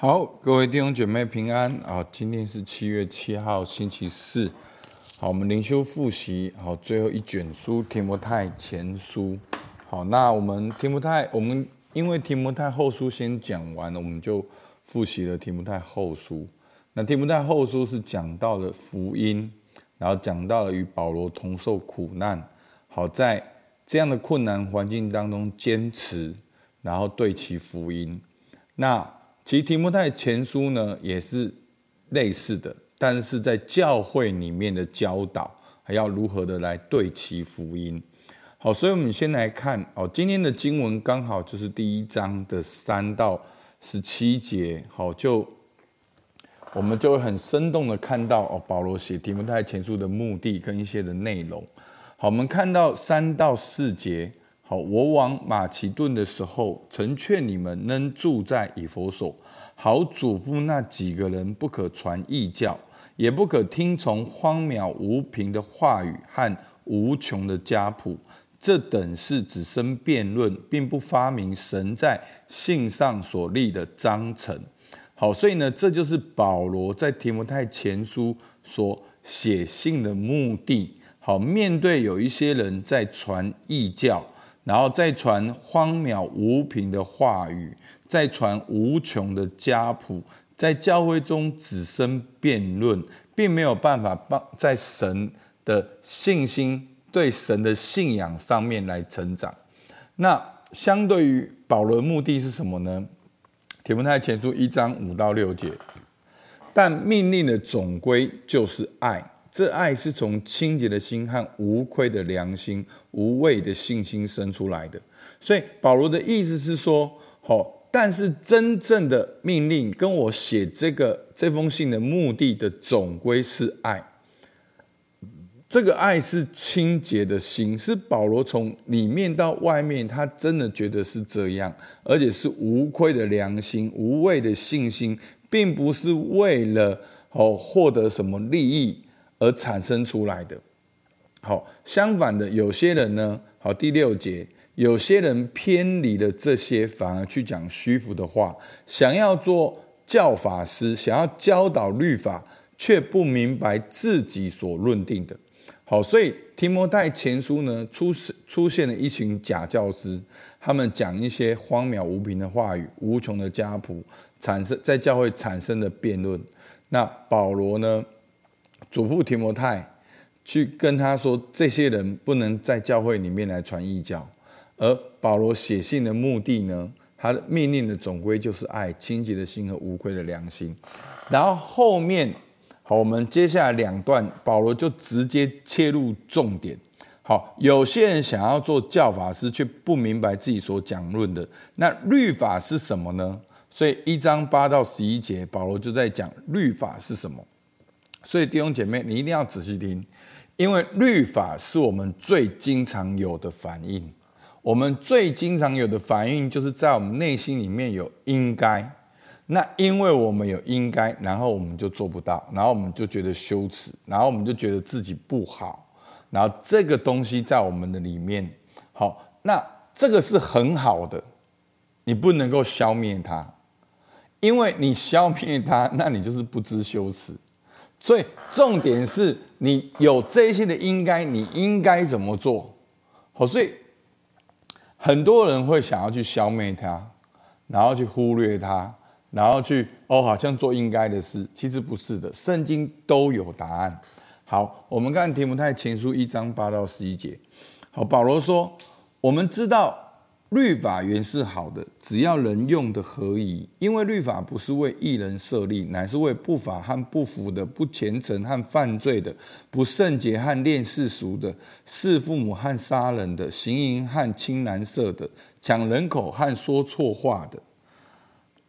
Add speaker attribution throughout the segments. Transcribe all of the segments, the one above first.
Speaker 1: 好，各位弟兄姐妹平安啊！今天是七月七號，星期四。好，我們靈修複習。好，最後一卷書提摩太前書。好，那我們提摩太，我們因為提摩太後書先講完了，我們就複習了提摩太後書。那提摩太後書是講到了福音，然後講到了與保羅同受苦難。好在這樣的困難環境當中堅持，然後對其福音。那其實提摩太前書呢，也是類似的，但是在教會裡面的教導，還要如何的來對齊福音。好，所以我們先來看哦，今天的經文剛好就是第一章的三到十七節。好，就我們就會很生動的看到哦，保羅寫提摩太前書的目的跟一些的內容。好，我們看到三到四節。好，我往馬其頓的時候，曾勸你們仍住在以弗所，好囑咐那幾個人，不可傳異教，也不可聽從荒渺無憑的話語和無窮的家譜，這等事只生辯論，並不發明神在信上所立的章程。好，所以呢，這就是保羅在提摩太前書所寫信的目的。好，面對有一些人在傳異教。然後再傳荒謬無憑的話語，再傳無窮的家譜，在教會中只生辯論，並沒有辦法幫在神的信心對神的信仰上面來成長。那相對於保羅的目的是什麼呢？鐵摩太前書一章五到六節，但命令的總歸就是愛。這愛是從清潔的心和無虧的良心、無偽的信心生出來的。所以保羅的意思是說：“哦，但是真正的命令跟我寫這個這封信的目的的總歸是愛。這個愛是清潔的心，是保羅從裡面到外面，他真的覺得是這樣，而且是無虧的良心、無偽的信心，並不是為了哦獲得什麼利益。”而產生出來的好，好相反的，有些人呢好，好第六節，有些人偏離了這些，反而去講虛浮的話，想要做教法師，想要教導律法，卻不明白自己所論定的。好，所以提摩太前書呢，出出現了一群假教師，他們講一些荒謬無憑的話語，無窮的家譜，產生在教會產生的辯論。那保羅呢？囑咐提摩太去跟他說：“這些人不能在教會裡面來傳異教。”而保羅寫信的目的呢？他的命令的總歸就是愛、清潔的心和無虧的良心。然後後面，好，我們接下來兩段，保羅就直接切入重點。好，有些人想要做教法師，卻不明白自己所講論的。那律法是什麼呢？所以一章八到十一節，保羅就在講律法是什麼。所以弟兄姐妹，你一定要仔細聽，因為律法是我們最經常有的反應。我們最經常有的反應，就是在我們內心裡面有應該。那因為我們有應該，然後我們就做不到，然後我們就覺得羞恥，然後我們就覺得自己不好。然後這個東西在我們的裡面，好，那這個是很好的，你不能夠消滅它，因為你消滅它，那你就是不知羞恥。所以重點是你有這些的應該，應該，你應該怎麼做？好，所以很多人會想要去消滅它，然後去忽略它，然後去哦，好像做應該的事，其實不是的。聖經都有答案。好，我們看提摩太前書一章八到十一節。好，保羅說，我們知道。律法原是好的，只要人用的合宜。因為律法不是為義人設立，乃是為不法和不服的、不虔誠和犯罪的、不聖潔和戀世俗的、弒父母和殺人的、行淫和親男色的、搶人口和說錯話的、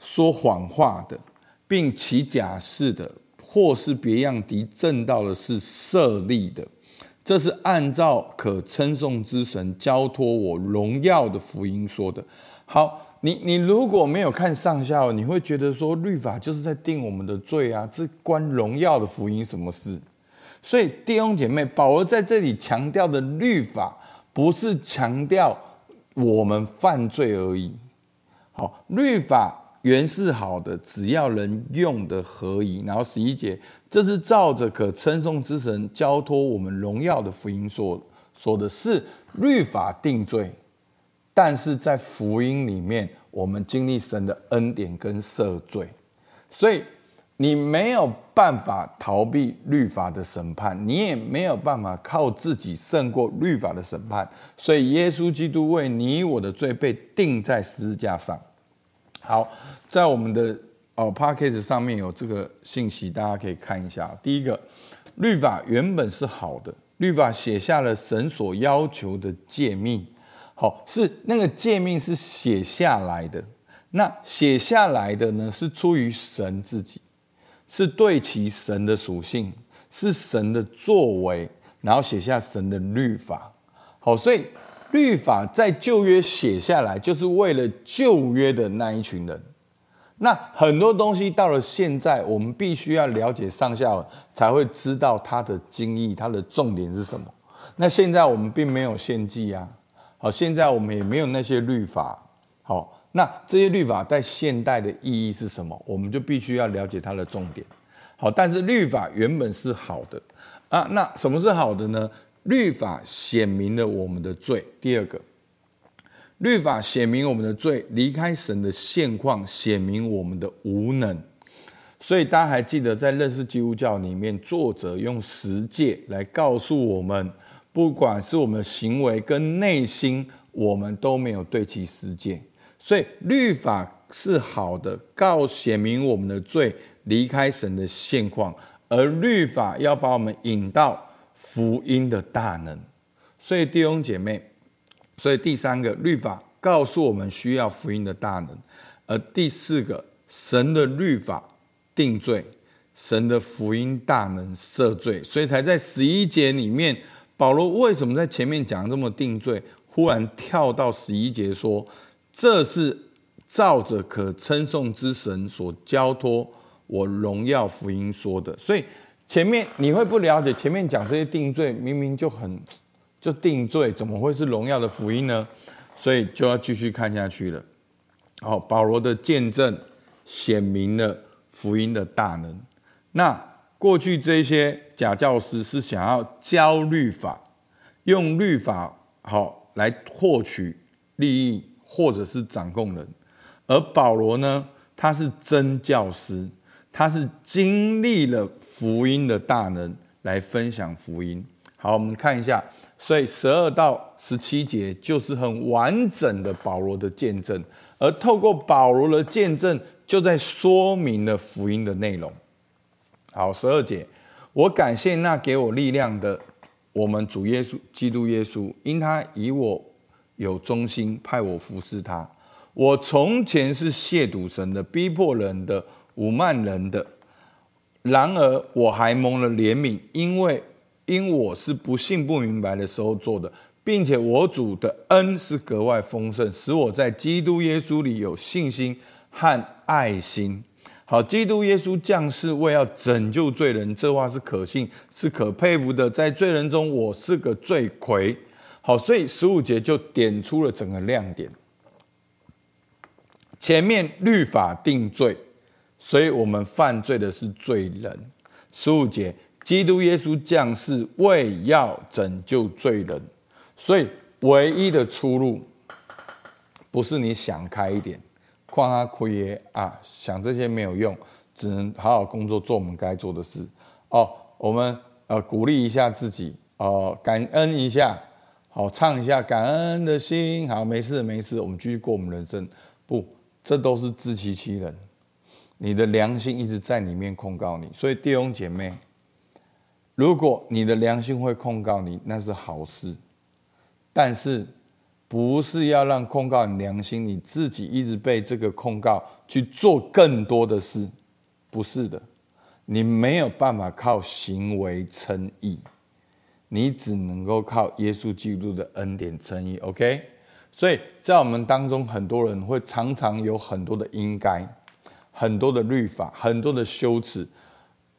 Speaker 1: 說謊話的，並起假誓的，或是別樣敵正道的事設立的。這是按照可稱頌之神交託我榮耀的福音說的。好，你你如果沒有看上下文，你會覺得說律法就是在定我們的罪啊，這關榮耀的福音什麼事？所以弟兄姐妹，保羅在這裡強調的律法，不是強調我們犯罪而已。好，律法。原是好的，只要人用得合宜。然後十一節，這是照着可稱頌之神交托我們榮耀的福音說，說的是律法定罪，但是在福音裡面，我們經歷神的恩典跟赦罪，所以你沒有辦法逃避律法的審判，你也沒有辦法靠自己勝過律法的審判，所以耶穌基督為你我的罪被釘在十字架上。好，在我們的哦 package 上面有這個信息，大家可以看一下。第一個，律法原本是好的，律法寫下了神所要求的誡命。好，是那個誡命是寫下來的，那寫下來的呢，是出於神自己，是對其神的屬性，是神的作為，然後寫下神的律法。好，所以。律法在舊約寫下來，就是為了舊約的那一群人。那很多東西到了現在，我們必須要了解上下文，才會知道它的經義、它的重點是什麼。那現在我們並沒有獻祭呀，好，現在我們也沒有那些律法。好，那這些律法在現代的意義是什麼？我們就必須要了解它的重點。好，但是律法原本是好的啊。那什麼是好的呢？律法顯明了我們的罪。第二個，律法顯明我們的罪，離開神的現況，顯明我們的無能。所以，大家還記得，在認識基督教裡面，作者用十誡來告訴我們，不管是我們的行為跟內心，我們都沒有對其實踐。所以，律法是好的，告顯明我們的罪，離開神的現況，而律法要把我們引到。福音的大能，所以弟兄姐妹，所以第三個律法告訴我們需要福音的大能，而第四個神的律法定罪，神的福音大能赦罪，所以才在十一節裡面，保羅為什麼在前面講這麼定罪，忽然跳到十一節說，這是照着可稱頌之神所交託我榮耀福音說的，所以。前面你會不了解，前面講這些定罪明明就很，就定罪，怎麼會是榮耀的福音呢？所以就要繼續看下去了。好，保羅的見證顯明了福音的大能。那過去這些假教師是想要教律法，用律法好來獲取利益或者是掌控人，而保羅呢，他是真教師。他是經歷了福音的大能來分享福音。好，我們看一下，所以十二到十七節就是很完整的保羅的見證，而透過保羅的見證，就在說明了福音的內容。好，十二節，我感謝那給我力量的，我們主耶穌基督耶穌，因他以我有忠心，派我服侍他。我從前是褻瀆神的，逼迫人的。侮慢人的，然而我還蒙了憐憫，因為因我是不信不明白的時候做的，並且我主的恩是格外豐盛，使我在基督耶穌裡有信心和愛心。好，基督耶穌降世，為要拯救罪人，這話是可信，是可佩服的。在罪人中，我是個罪魁。好，所以十五節就點出了整個亮點。前面律法定罪。所以，我們犯罪的是罪人。十五節，基督耶穌降世，為要拯救罪人。所以，唯一的出路不是你想開一點，誇他虧耶啊，想這些沒有用，只能好好工作，做我們該做的事。哦，我們呃鼓勵一下自己哦、呃，感恩一下，好唱一下感恩的心。好，沒事沒事，我們繼續過我們人生。不，這都是自欺欺人。你的良心一直在裡面控告你，所以弟兄姐妹，如果你的良心會控告你，那是好事，但是不是要讓控告你良心，你自己一直被這個控告去做更多的事？不是的，你沒有辦法靠行為稱義，你只能夠靠耶穌基督的恩典稱義。OK，所以在我們當中，很多人會常常有很多的應該。很多的律法，很多的羞恥，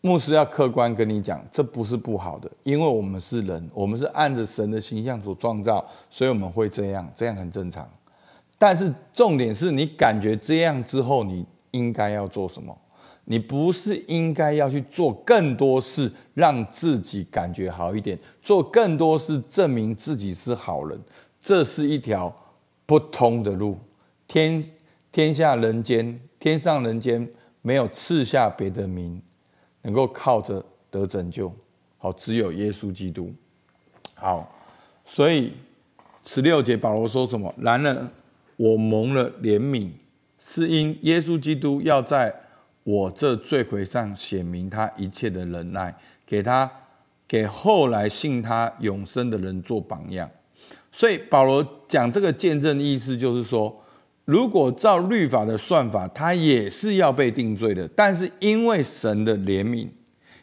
Speaker 1: 牧師要客觀跟你講，這不是不好的，因為我們是人，我們是按着神的形象所創造，所以我們會這樣，這樣很正常。但是重點是你感覺這樣之後，你應該要做什麼？你不是應該要去做更多事，讓自己感覺好一點，做更多事證明自己是好人，這是一條不通的路。天天下人間。天上人間沒有賜下別的名，能夠靠着得拯救。好，只有耶穌基督。好，所以十六節保羅說什麼？然而，我蒙了憐憫，是因耶穌基督要在我這罪魁上顯明他一切的忍耐，給他給後來信他永生的人做榜樣。所以保羅講這個見證意思，就是說。如果照律法的算法，他也是要被定罪的。但是因為神的憐憫，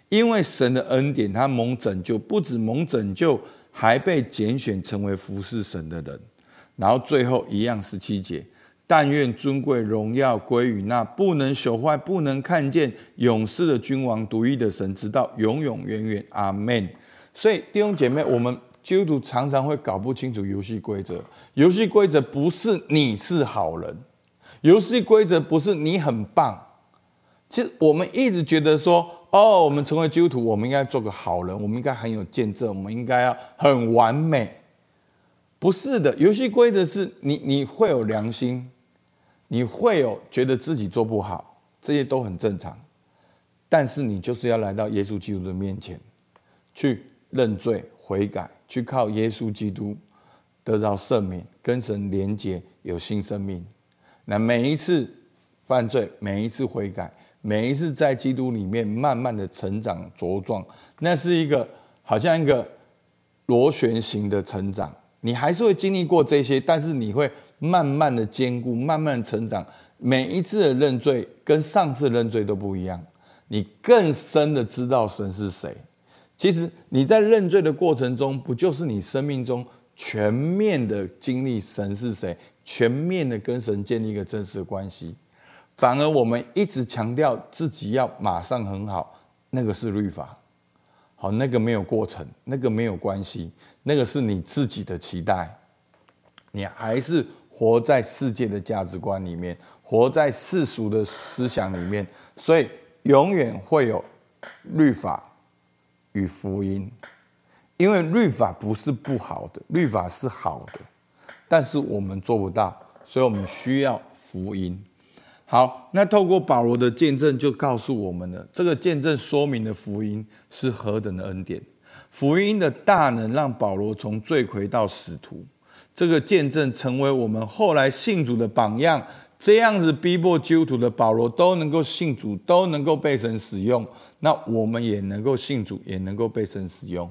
Speaker 1: 因為神的恩典，他蒙拯救，不止蒙拯救，還被揀選成為服侍神的人。然後最後一樣十七節，但願尊貴榮耀歸於那不能朽壞、不能看見、永世的君王、獨一的神，直到永永遠遠。阿門。所以弟兄姐妹，我們。基督徒常常會搞不清楚遊戲規則，遊戲規則不是你是好人，遊戲規則不是你很棒。其實我們一直覺得說，哦，我們成為基督徒，我們應該做個好人，我們應該很有見證，我們應該要很完美。不是的，遊戲規則是你，你會有良心，你會有覺得自己做不好，這些都很正常。但是你就是要來到耶穌基督的面前去認罪悔改。去靠耶穌基督得到赦免，跟神連接，有新生命。那每一次犯罪，每一次悔改，每一次在基督裡面慢慢的成長茁壯，那是一個好像一個螺旋形的成長。你還是會經歷過這些，但是你會慢慢的堅固，慢慢成長。每一次的認罪跟上次認罪都不一樣，你更深的知道神是誰。其實你在認罪的過程中，不就是你生命中全面的經歷神是誰，全面的跟神建立一個真實的關係？反而我們一直強調自己要馬上很好，那個是律法。好，那個沒有過程，那個沒有關係，那個是你自己的期待，你還是活在世界的價值觀裡面，活在世俗的思想裡面，所以永遠會有律法。與福音，因為律法不是不好的，律法是好的，但是我們做不到，所以我們需要福音。好，那透過保羅的見證就告訴我們了，這個見證說明了福音是何等的恩典，福音的大能讓保羅從罪魁到使徒，這個見證成為我們後來信主的榜樣。這樣子逼迫基督徒的保羅都能夠信主，都能夠被神使用，那我們也能夠信主，也能夠被神使用。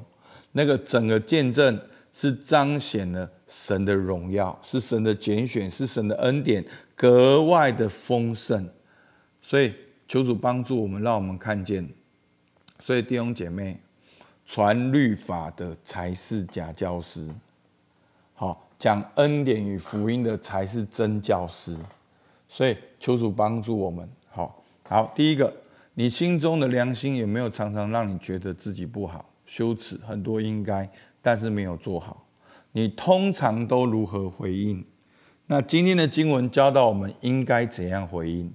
Speaker 1: 那個整個見證是彰顯了神的榮耀，是神的揀選，是神的恩典格外的豐盛。所以求主幫助我們，讓我們看見。所以弟兄姐妹，傳律法的才是假教師。好，講恩典與福音的才是真教師。所以求主幫助我們。好，好，第一個，你心中的良心有沒有常常讓你覺得自己不好、羞恥？很多應該，但是沒有做好。你通常都如何回應？那今天的經文教導我們應該怎樣回應？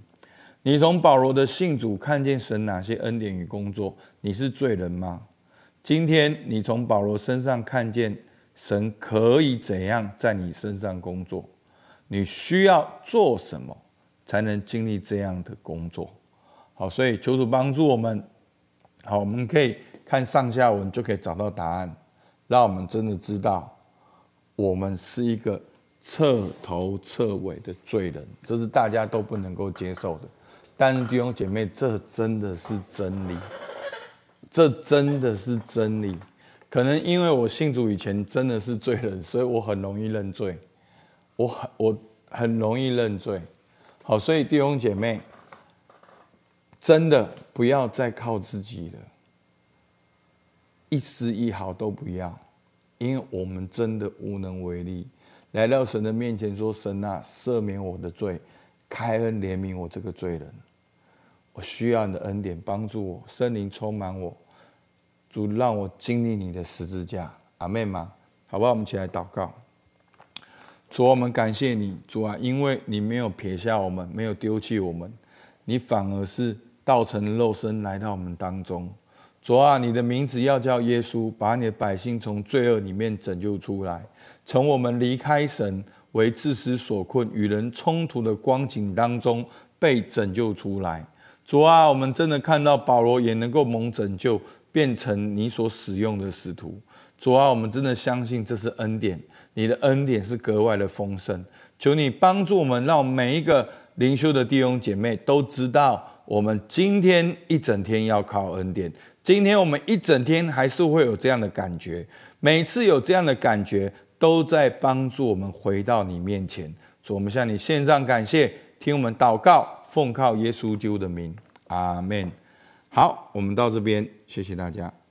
Speaker 1: 你從保羅的信主看見神哪些恩典與工作？你是罪人嗎？今天你從保羅身上看見神可以怎樣在你身上工作？你需要做什麼才能經歷這樣的工作？好，所以求主幫助我們。好，我們可以看上下文就可以找到答案，讓我們真的知道我們是一個徹頭徹尾的罪人，這是大家都不能夠接受的。但是弟兄姐妹，這真的是真理，這真的是真理。可能因為我信主以前真的是罪人，所以我很容易認罪。我很我很容易認罪，好，所以弟兄姐妹真的不要再靠自己了，一絲一毫都不要，因為我們真的無能為力。來到神的面前，說神啊，赦免我的罪，開恩憐憫我這個罪人。我需要你的恩典幫助我，聖靈充滿我，主讓我經歷你的十字架。阿們嗎？好吧，我們起來禱告。主啊，我們感謝你。主啊，因為你沒有撇下我們，沒有丟棄我們，你反而是道成肉身來到我們當中。主啊，你的名字要叫耶穌，把你的百姓從罪惡裡面拯救出來，從我們離開神為自私所困、與人衝突的光景當中被拯救出來。主啊，我們真的看到保羅也能夠蒙拯救。變成你所使用的使徒，主啊，我們真的相信這是恩典。你的恩典是格外的豐盛。求你幫助我們，讓每一個靈修的弟兄姐妹都知道，我們今天一整天要靠恩典。今天我們一整天還是會有這樣的感覺，每次有這樣的感覺，都在幫助我們回到你面前。主，我們向你獻上感謝，聽我們禱告，奉靠耶穌基督的名，阿門。好，我們到這邊。謝謝大家。